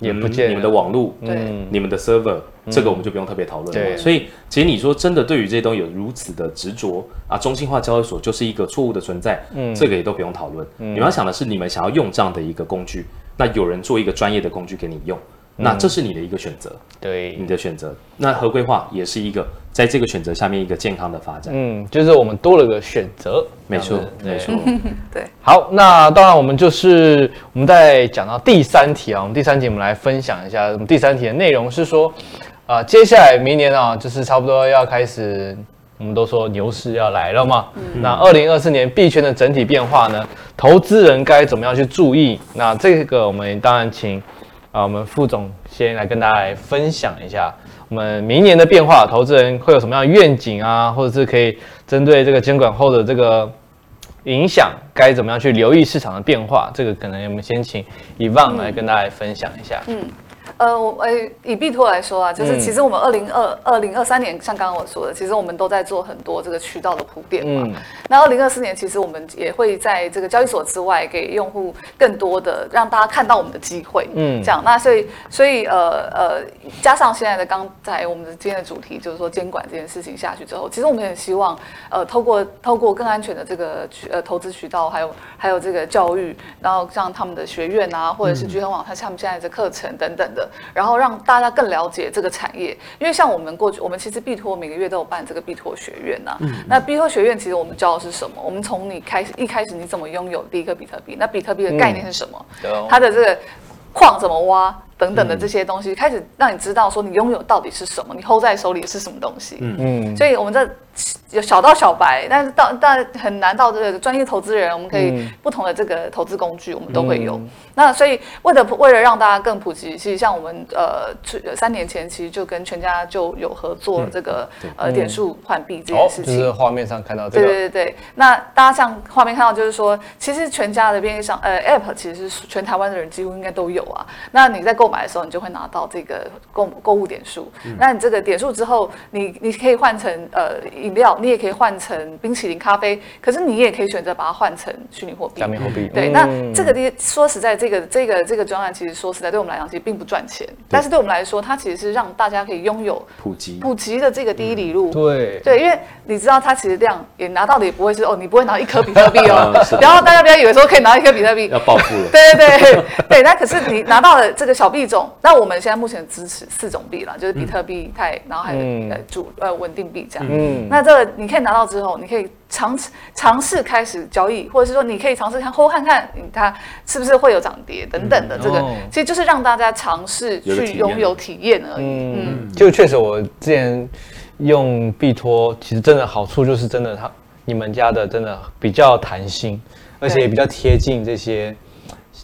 也不見，你們的網路，對，對 你們的 server，< 對 S 2> 這個我們就不用特別討論了。對 所以，其實你說真的，對於這些東西有如此的執着啊，中心化交易所就是一個錯誤的存在，嗯，這個也都不用討論。你們要想的是，你們想要用這樣的一個工具，那有人做一個專業的工具給你用。嗯、那這是你的一個選擇，對你的選擇。那合規化也是一個在這個選擇下面一個健康的發展。嗯，就是我們多了個選擇，沒錯，對對沒錯。 對，好，那當然我們就是我們在講到第三題啊，我們第三題我們來分享一下。我們第三題的內容是說，啊、呃，接下來明年啊，就是差不多要開始，我們都說牛市要來了嘛。嗯、那二零二四年幣圈的整體變化呢，投資人該怎麼樣去注意？那這個我們當然請。啊，我們副總先來跟大家分享一下我們明年的變化，投資人會有什麼樣的願景啊，或者是可以針對這個監管後的這個影響，該怎麼樣去留意市場的變化？這個可能我們先請伊萬來跟大家分享一下。嗯。嗯呃，我以以幣託來說啊，就是其實我們二零二二零二三年，像剛剛我說的，其實我們都在做很多這個渠道的鋪墊嘛。嗯、那二零二四年，其實我們也會在這個交易所之外，給用戶更多的讓大家看到我們的機會，嗯，這樣。那所以所以呃呃，加上現在的剛才我們的今天的主題，就是說監管這件事情下去之後，其實我們也希望，呃，透過透過更安全的這個渠呃投資渠道，還有還有這個教育，然後像他們的學院啊，或者是鉅亨網它他們現在的課程等等的。然後讓大家更了解這個產業，因為像我們過去，我們其實幣託每個月都有辦這個幣託學院吶、啊。那幣託學院其實我們教的是什麼？我們從你開始，一開始你怎麼擁有第一個比特幣？那比特幣的概念是什麼？它的這個礦怎麼挖？等等的這些東西，嗯、開始讓你知道說你擁有到底是什麼，你 hold 在手裡是什麼東西。嗯嗯。嗯，所以我們這有小到小白，但是到但是很難到這個專業投資人，我們可以不同的這個投資工具，我們都會有。嗯、那所以為了為了讓大家更普及，其實像我們呃，三年前其實就跟全家就有合作這個、嗯、呃點數換幣這件事情。嗯哦、就是畫面上看到這個。對對對對，那大家像畫面看到就是說，其實全家的便利商呃 app，其實是全台灣的人幾乎應該都有啊。那你在購買的時候，你就會拿到這個購購物點數，嗯、那你這個點數之後你，你你可以換成呃飲料，你也可以換成冰淇淋、咖啡，可是你也可以選擇把它換成虛擬貨幣。加密貨幣。對，嗯、那這個的說實在，這個這個這個專案其實說實在對我們來講，其實並不賺錢。對但是對我們來說，它其實是讓大家可以擁有普及普及的這個第一里路。嗯、對對，因為你知道，它其實這樣也拿到的也不會是哦，你不會拿一顆比特幣哦，啊、然後大家不要以為說可以拿一顆比特幣要暴富了。 對對對 對，那可是你拿到了這個小幣。一種，那我們現在目前支持四種幣了，就是比特幣，太、嗯、然後還有呃主呃、嗯、穩定幣這樣。嗯，那這個你可以拿到之後，你可以嘗嘗試開始交易，或者是說你可以嘗試看，後看看它是不是會有漲跌等等的。這個、嗯哦、其實就是讓大家嘗試去有擁有體驗而已。嗯，嗯就確實我之前用幣托，其實真的好處就是真的它你們家的真的比較彈性，而且也比較貼近這些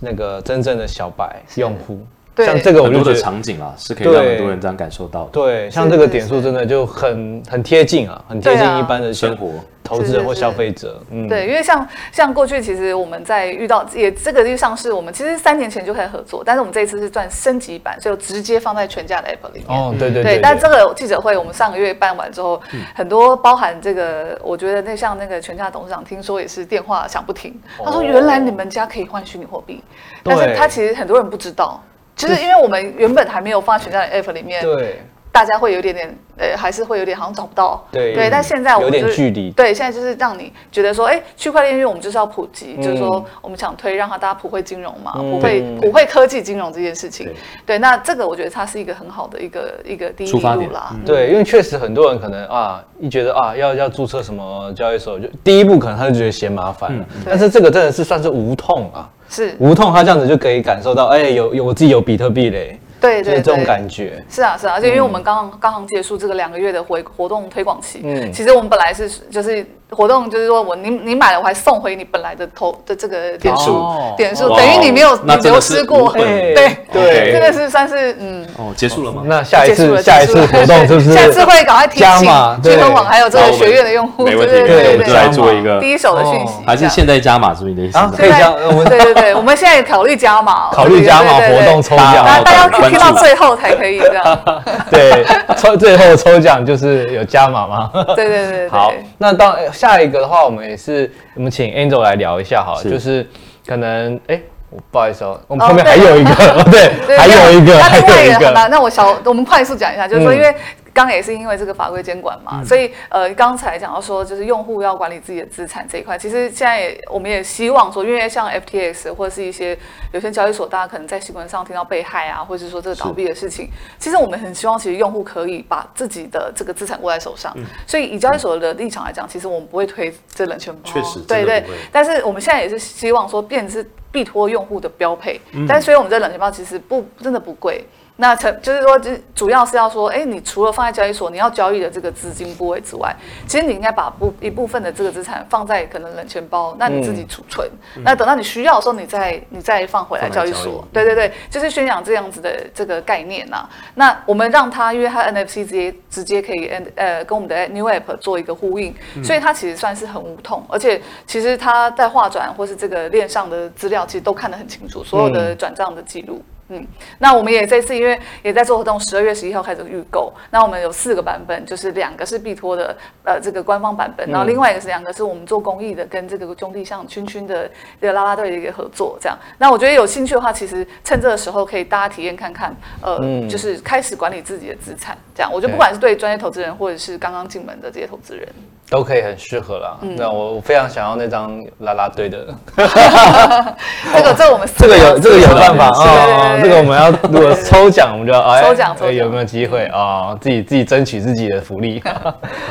那個真正的小白用戶。對像這個，我們、就是、對的場景啊，是可以讓很多人這樣感受到的。對，像這個點數真的就很是是很貼近啊，很貼近一般的生活，啊、投資人或消費者。是是嗯，對，因為像像過去其實我們在遇到也這個就像是，我們其實三年前就開始合作，但是我們這一次是賺升級版，所以直接放在全家的 App 裡。哦，對對對，對，對。但這個記者會我們上個月辦完之後，嗯、很多包含這個，我覺得那像那個全家董事長，聽說也是電話響不停，他說：“原來你們家可以換虛擬貨幣。哦”，但是他其實很多人不知道。其實因為我們原本還沒有放權在 App 裡面，對，大家會有點點，呃，還是會有點好像找不到，對，對。但現在我們、就是、有點距離，對，現在就是讓你覺得說，哎，區塊鏈業務我們就是要普及，嗯、就是說我們想推讓它大家普惠金融嘛，嗯、普惠普惠科技金融這件事情，對,對。那這個我覺得它是一個很好的一個一個第一步發、嗯、對，因為確實很多人可能啊，一覺得啊要要注冊什麼交易所，就第一步可能他就覺得嫌麻煩，嗯、但是這個真的是算是無痛啊。是無痛，他這樣子就可以感受到，哎、欸，有有，我自己有比特幣嘞、欸。對對對，這種感覺是啊是啊，而且因為我們剛剛剛好結束這個兩個月的活活動推廣期，嗯，其實我們本來是就是活動，就是說我你你買了我還送回你本來的頭的這個點數點數，等於你沒有你流失過，對對，真的是算是嗯，哦結束了嘛，那下一次下一次活動是不是？下次會趕快提醒加碼？對，還有這個學院的用戶，對對對，來做一個第一手的訊息，還是現在加碼是不意思？然後可以加，我們對對對，我們現在也考慮加碼，考慮加碼活動抽獎，大家。到最後才可以這樣， 啊、對，抽最後的抽獎就是有加碼嗎？ 對對對，對，好，那當、欸、下一個的話，我們也是，我們請 Angel 來聊一下哈，是就是可能，哎、欸，我不好意思哦、啊，我們旁邊還有一個，哦對，啊、對，對還有一個，對還有一個，那個個那我小，我們快速講一下，嗯、就是說因為。剛也是因為這個法規監管嘛，嗯、所以呃，剛才講到說，就是用戶要管理自己的資產這一塊，其實現在也我們也希望說，因為像 FTX 或者是一些有些交易所，大家可能在新聞上聽到被害啊，或者是說這個倒閉的事情，其實我們很希望，其實用戶可以把自己的這個資產握在手上。所以以交易所的立場來講，其實我們不會推這冷錢包。確實。對對。但是我們現在也是希望說，變成必托用戶的標配。但但所以，我們這冷錢包其實不真的不貴。那成，就是說，主主要是要說，哎，你除了放在交易所你要交易的這個資金部位之外，其實你應該把部一部分的這個資產放在可能冷錢包，嗯、那你自己儲存。嗯、那等到你需要的時候，你再你再放回來交易所。易，對對對，就是宣揚這樣子的這個概念吶、啊。那我們讓它，因為它 N F C 直接直接可以 N 呃跟我們的 New App 做一個呼應，嗯、所以它其實算是很無痛，而且其實它在劃轉或是這個鏈上的資料，其實都看得很清楚，所有的轉賬的記錄。嗯嗯，那我們也這次因為也在做活動，十二月十一號開始預購。那我們有四個版本，就是兩個是幣託的，呃，這個官方版本，嗯、然後另外一個是兩個是我們做公益的，跟這個兄弟象圈圈的、這個拉拉隊的一個合作，這樣。那我覺得有興趣的話，其實趁這個時候可以大家體驗看看，呃，嗯、就是開始管理自己的資產，這樣。我覺得不管是對專業投資人或者是剛剛進門的這些投資人。都可以很適合了。那我非常想要那張啦啦隊的。這個，這我們這個有這個有辦法啊。這個我們要如果抽獎，我們就抽獎。所以有沒有機會啊？自己自己爭取自己的福利。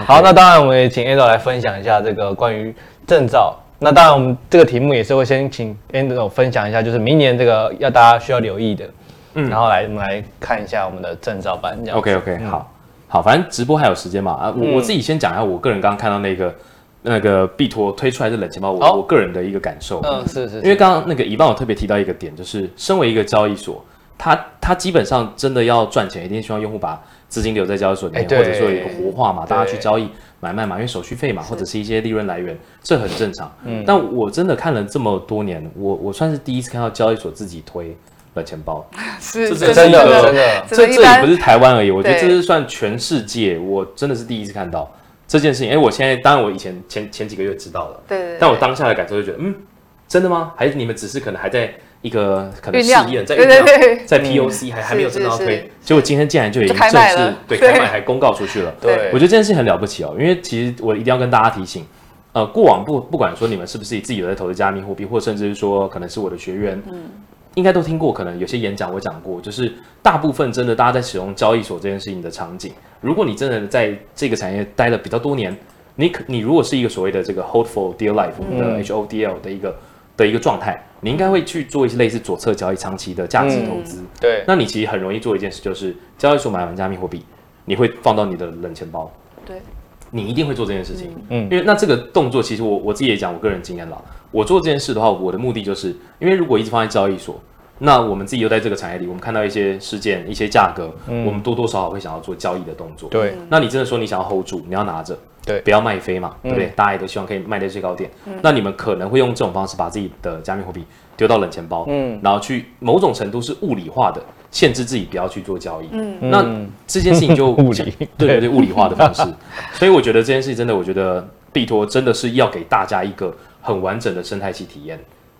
好，那當然我們也請 Angel 來分享一下這個關於證照。那當然我們這個題目也是會先請 Angel 分享一下，就是明年這個要大家需要留意的。嗯，然後來我們來看一下我們的證照版。這樣 OK OK 好。好，反正直播還有時間嘛啊，我、嗯、我自己先講一下，我個人剛剛看到那個那個幣托推出來的冷錢包，我我個人的一個感受，嗯，是是，因為剛剛那個 Evan 我特別提到一個點，就是身為一個交易所，它它基本上真的要賺錢，一定希望用戶把資金留在交易所裡面，或者說有一個活化嘛，大家去交易買賣嘛，因為手續費嘛，或者是一些利潤來源，這很正常。嗯，但我真的看了這麼多年，我我算是第一次看到交易所自己推的錢包，這是真的，真的，這這也不是台灣而已。我覺得這是算全世界，我真的是第一次看到這件事情。哎，我現在，當然我以前前前幾個月知道了，對，但我當下的感受就覺得，嗯，真的嗎？還是你們只是可能還在一個可能試驗，在在在 POC 還還沒有真正推，結果今天竟然就已經正式對開賣還公告出去了。對，我覺得這件事很了不起哦，因為其實我一定要跟大家提醒，呃，過往不不管說你們是不是自己在投資加密貨幣，或甚至是說可能是我的學員，嗯。應該都聽過，可能有些演講我講過，就是大部分真的大家在使用交易所這件事情的場景，如果你真的在這個產業待了比較多年，你可你如果是一個所謂的這個 hold for dear life、嗯、的 HODL 的一個的一個狀態，你應該會去做一些類似左側交易、長期的價值投資。對、嗯，那你其實很容易做一件事，就是交易所買完加密貨幣，你會放到你的冷錢包。對，你一定會做這件事情，嗯，因為那這個動作其實我我自己也講我個人經驗了。我做這件事的話，我的目的就是因為如果一直放在交易所，那我們自己又在這個產業裡，我們看到一些事件、一些價格，我們多多少少會想要做交易的動作。對，那你真的說你想要 hold 住，你要拿着，對，不要賣飛嘛，對不對？大家也都希望可以賣在最高點。那你們可能會用這種方式把自己的加密貨幣丟到冷錢包，嗯，然後去某種程度是物理化的限制自己不要去做交易。嗯，那這件事情就物理，對，物理化的方式。所以我覺得這件事情真的，我覺得幣托真的是要給大家一個很完整的生態系體驗，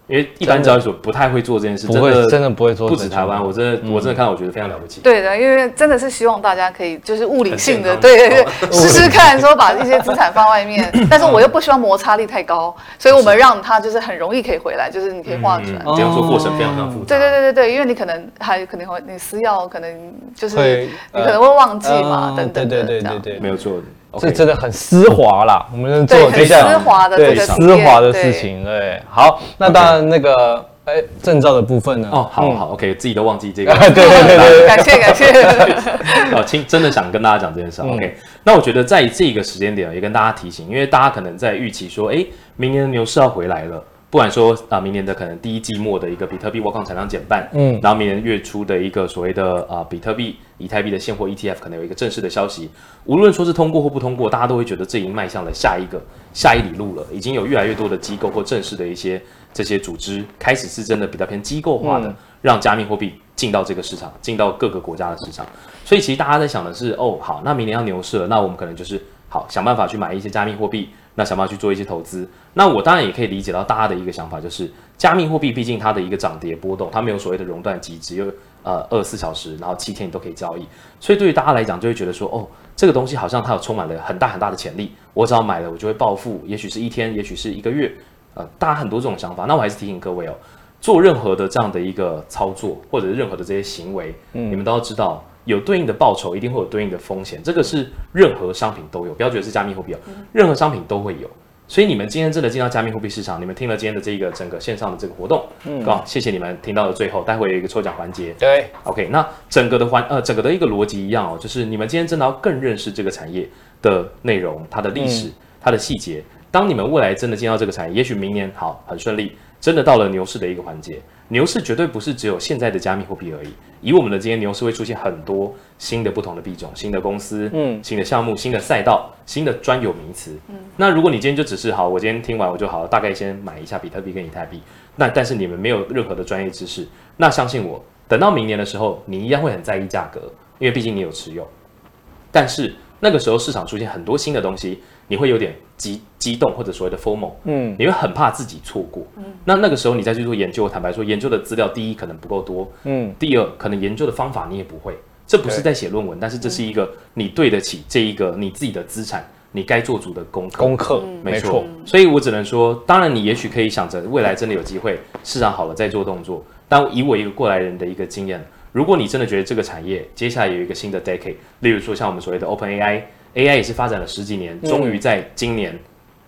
因為一般交易所不太會做這件事，不會，真的不會做，不止台灣，我真的我真的看到，我覺得非常了不起。對的，因為真的是希望大家可以就是物理性的，對對對，試試看，說把這些資產放外面，但是我又不希望摩擦力太高，所以我們讓它就是很容易可以回來，就是你可以劃出來。這樣做過程非常非常複雜。對對對對對，因為你可能還肯定會你私鑰，可能就是你可能會忘記嘛，等等等等，對沒有錯的。這真的很絲滑啦，我們做就像絲滑的這個絲滑的事情，對，好，那當然那個哎證照的部分呢，哦，好好，OK，自己都忘記這個，對對對，感謝感謝，好，親，真的想跟大家講這件事，OK，那我覺得在這個時間點也跟大家提醒，因為大家可能在預期說，誒，明年牛市要回來了。不管說啊，明年的可能第一季末的一個比特幣挖礦產量減半，嗯，然後明年月初的一個所謂的啊，比特幣、以太幣的現貨 ETF 可能有一個正式的消息，無論說是通過或不通過，大家都會覺得這已經邁向了下一個下一哩路了，已經有越來越多的機構或正式的一些這些組織開始是真的比較偏機構化的，嗯、讓加密貨幣進到這個市場，進到各個國家的市場，所以其實大家在想的是，哦，好，那明年要牛市了，那我們可能就是好想辦法去買一些加密貨幣。那想辦法去做一些投資。那我當然也可以理解到大家的一個想法，就是加密貨幣畢竟它的一個漲跌波動，它沒有所謂的熔斷機制，又呃二十四小時，然後七天你都可以交易。所以對於大家來講，就會覺得說，哦，這個東西好像它有充滿了很大很大的潛力。我只要買了，我就會暴富，也許是一天，也許是一個月，呃，大家很多這種想法。那我還是提醒各位哦，做任何的這樣的一個操作，或者是任何的這些行為，嗯，你們都要知道。有對應的報酬，一定會有對應的風險，這個是任何商品都有，不要覺得是加密貨幣哦。任何商品都會有。所以你們今天真的進到加密貨幣市場，你們聽了今天的這個整個線上的這個活動，嗯，謝謝你們聽到了最後，待會有一個抽獎環節。對，OK，那整個的環呃整個的一個邏輯一樣哦，就是你們今天真的要更認識這個產業的內容，它的歷史，嗯、它的細節。當你們未來真的進到這個產業，也許明年好很順利。真的到了牛市的一個環節，牛市絕對不是只有現在的加密貨幣而已。以我們的今天，牛市會出現很多新的、不同的幣種、新的公司、嗯、新的項目、新的賽道、新的專有名詞。嗯，那如果你今天就只是好，我今天聽完我就好了，大概先買一下比特幣跟以太幣。那但是你們沒有任何的專業知識，那相信我，等到明年的時候，你一樣會很在意價格，因為畢竟你有持有。但是那個時候，市場出現很多新的東西，你會有點激激動或者所謂的 FOMO。嗯，你會很怕自己錯過，嗯，那那個時候你再去做研究，坦白說，研究的資料第一可能不夠多，嗯，第二可能研究的方法你也不會，這不是在寫論文，對但是這是一個你對得起這一個你自己的資產，你該做足的功功課，沒錯。嗯、所以，我只能說，嗯、當然你也許可以想着未來真的有機會市場好了再做動作，嗯、但以我一個過來人的一個經驗，如果你真的覺得這個產業接下來有一個新的 decade，例如說像我們所謂的 OpenAI。AI 也是發展了十幾年，終於在今年，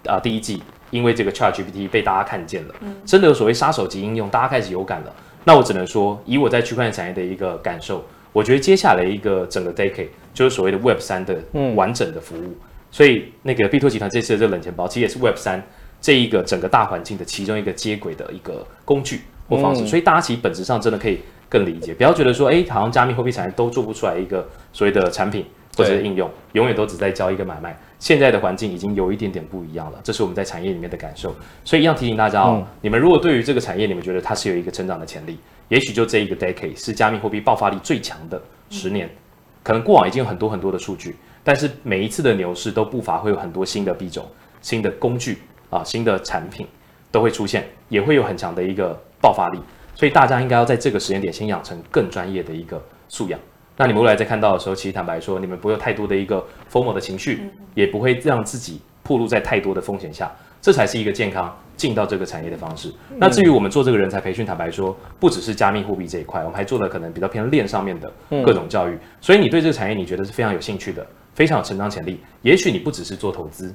嗯、啊第一季，因為這個 ChatGPT 被大家看見了，真的有所謂殺手級應用，大家開始有感了。那我只能說，以我在區塊鏈產業的一個感受，我覺得接下來一個整個 Decade 就是所謂的 Web 三的完整的服務。嗯、所以那個 b 托集團這次的這個冷錢包，其實也是 Web 三這一個整個大環境的其中一個接軌的一個工具或方式。嗯、所以大家其實本質上真的可以更理解，不要覺得說，哎，好像加密貨幣產業都做不出來一個所謂的產品，或者是應用，對永遠都只在交易跟買賣。現在的環境已經有一點點不一樣了，這是我們在產業裡面的感受。所以，一樣提醒大家，哦，嗯、你們如果對於這個產業，你們覺得它是有一個成長的潛力，也許就這一個 decade 是加密貨幣爆發力最強的十年。嗯、可能過往已經有很多很多的數據，但是每一次的牛市都不乏會有很多新的幣種、新的工具啊、新的產品都會出現，也會有很強的一個爆發力。所以，大家應該要在這個時間點先養成更專業的一個素養。那你們未來在看到的時候，其實坦白說，你們不會有太多的一個 FOMO 的情緒，也不會讓自己暴露在太多的風險下，這才是一個健康進到這個產業的方式。那至於我們做這個人才培訓，坦白說，不只是加密貨幣這一塊，我們還做了可能比較偏鏈上面的各種教育。所以你對這個產業你覺得是非常有興趣的，非常有成長潛力。也許你不只是做投資，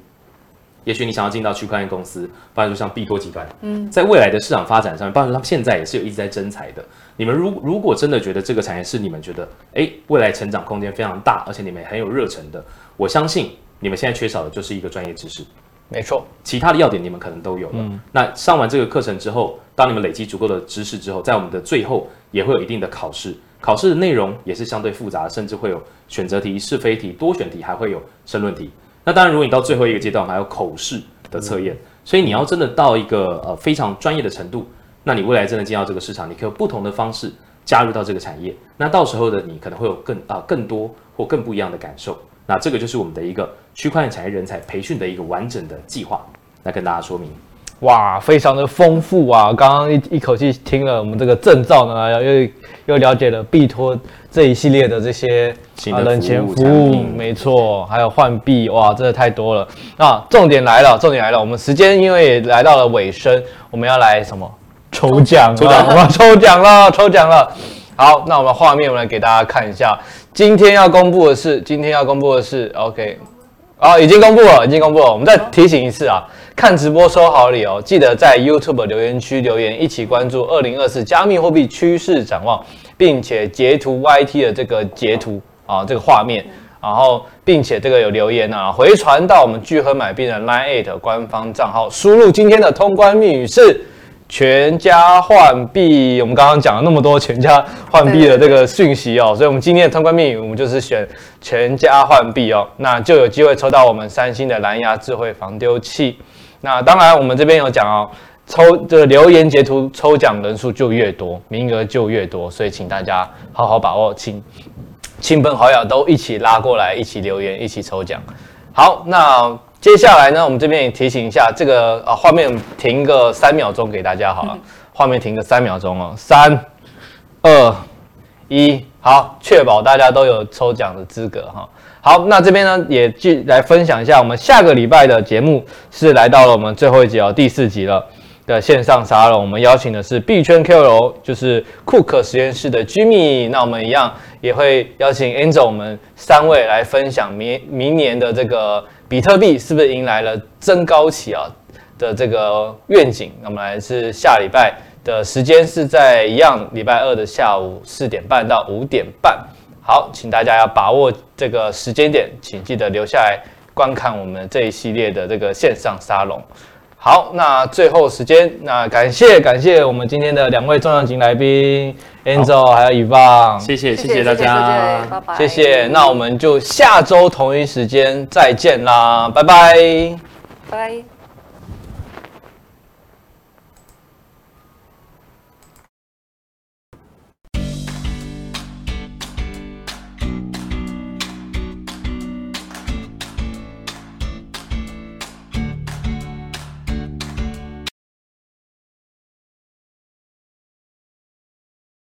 也許你想要進到區塊鏈公司，比如說像幣託集團，在未來的市場發展上，包括他們現在也是有一直在徵才的。你們如如果真的覺得這個產業是你們覺得，誒，未來成長空間非常大，而且你們也很有熱忱的，我相信你們現在缺少的就是一個專業知識。沒錯，其他的要點你們可能都有了。嗯。那上完這個課程之後，當你們累積足夠的知識之後，在我們的最後也會有一定的考試，考試的內容也是相對複雜的，甚至會有選擇題、是非題、多選題，還會有申論題。那當然，如果你到最後一個階段，還有口試的測驗。嗯。所以你要真的到一個呃非常專業的程度。那你未來真的進到這個市場，你可以有不同的方式加入到這個產業。那到時候的你可能會有更啊、呃、更多或更不一樣的感受。那這個就是我們的一個區塊鏈產業人才培訓的一個完整的計劃，來跟大家說明。哇，非常的豐富啊！剛剛一一口氣聽了我們這個證照呢，又又了解了幣托這一系列的這些行，冷錢服務，沒錯，還有換幣，哇，真的太多了。那重點來了，重點來了，我們時間因為也來到了尾聲，我們要來什麼？抽獎、啊，抽獎獎、啊，我們抽獎了， 抽獎了。好，那我們畫面，我們來給大家看一下。今天要公布的是，今天要公布的是，OK，啊，已經公布了，已經公布了。我們再提醒一次啊，看直播收好禮哦，記得在 YouTube 留言區留言，一起關注《二零二四加密貨幣趨勢展望》，並且截圖 YT 的這個截圖啊，這個畫面，然後並且這個有留言啊，回傳到我們鉅亨買幣的 LINE@ 官方賬號，輸入今天的通關密語是。全家換幣，我們剛剛講了那麼多全家換幣的這個訊息哦，所以我們今天的通關密語，我們就是選全家換幣哦，那就有機會抽到我們三星的藍牙智慧防丟器。那當然我們這邊有講哦，抽的留言截圖抽獎人數就越多，名額就越多，所以請大家好好把握，請親朋好友都一起拉過來，一起留言，一起抽獎。好，那。接下來呢，我們這邊也提醒一下，這個啊，畫面停個三秒鐘給大家好了，畫面停個三秒鐘哦，三、二、一，好，確保大家都有抽獎的資格哈。好，那這邊呢，也繼，來分享一下，我們下個禮拜的節目是來到了我們最後一集哦，第四集了的線上沙龍。我們邀請的是 B 圈 KOL，就是庫克實驗室的 Jimmy。那我們一樣也會邀請 Angel 我們三位來分享明明年的這個。比特幣是不是迎來了增高期啊的這個願景？那麼來是下禮拜的時間是在一樣禮拜二的下午四點半到五點半。好，請大家要把握這個時間點，請記得留下來觀看我們這一系列的這個線上沙龍。好，那最後時間，那感謝感謝我們今天的兩位重量級來賓，Angel 好還有 Yvonne，謝謝謝謝，謝謝大家，拜拜謝謝。那我們就下周同一時間再見啦，拜拜，拜拜。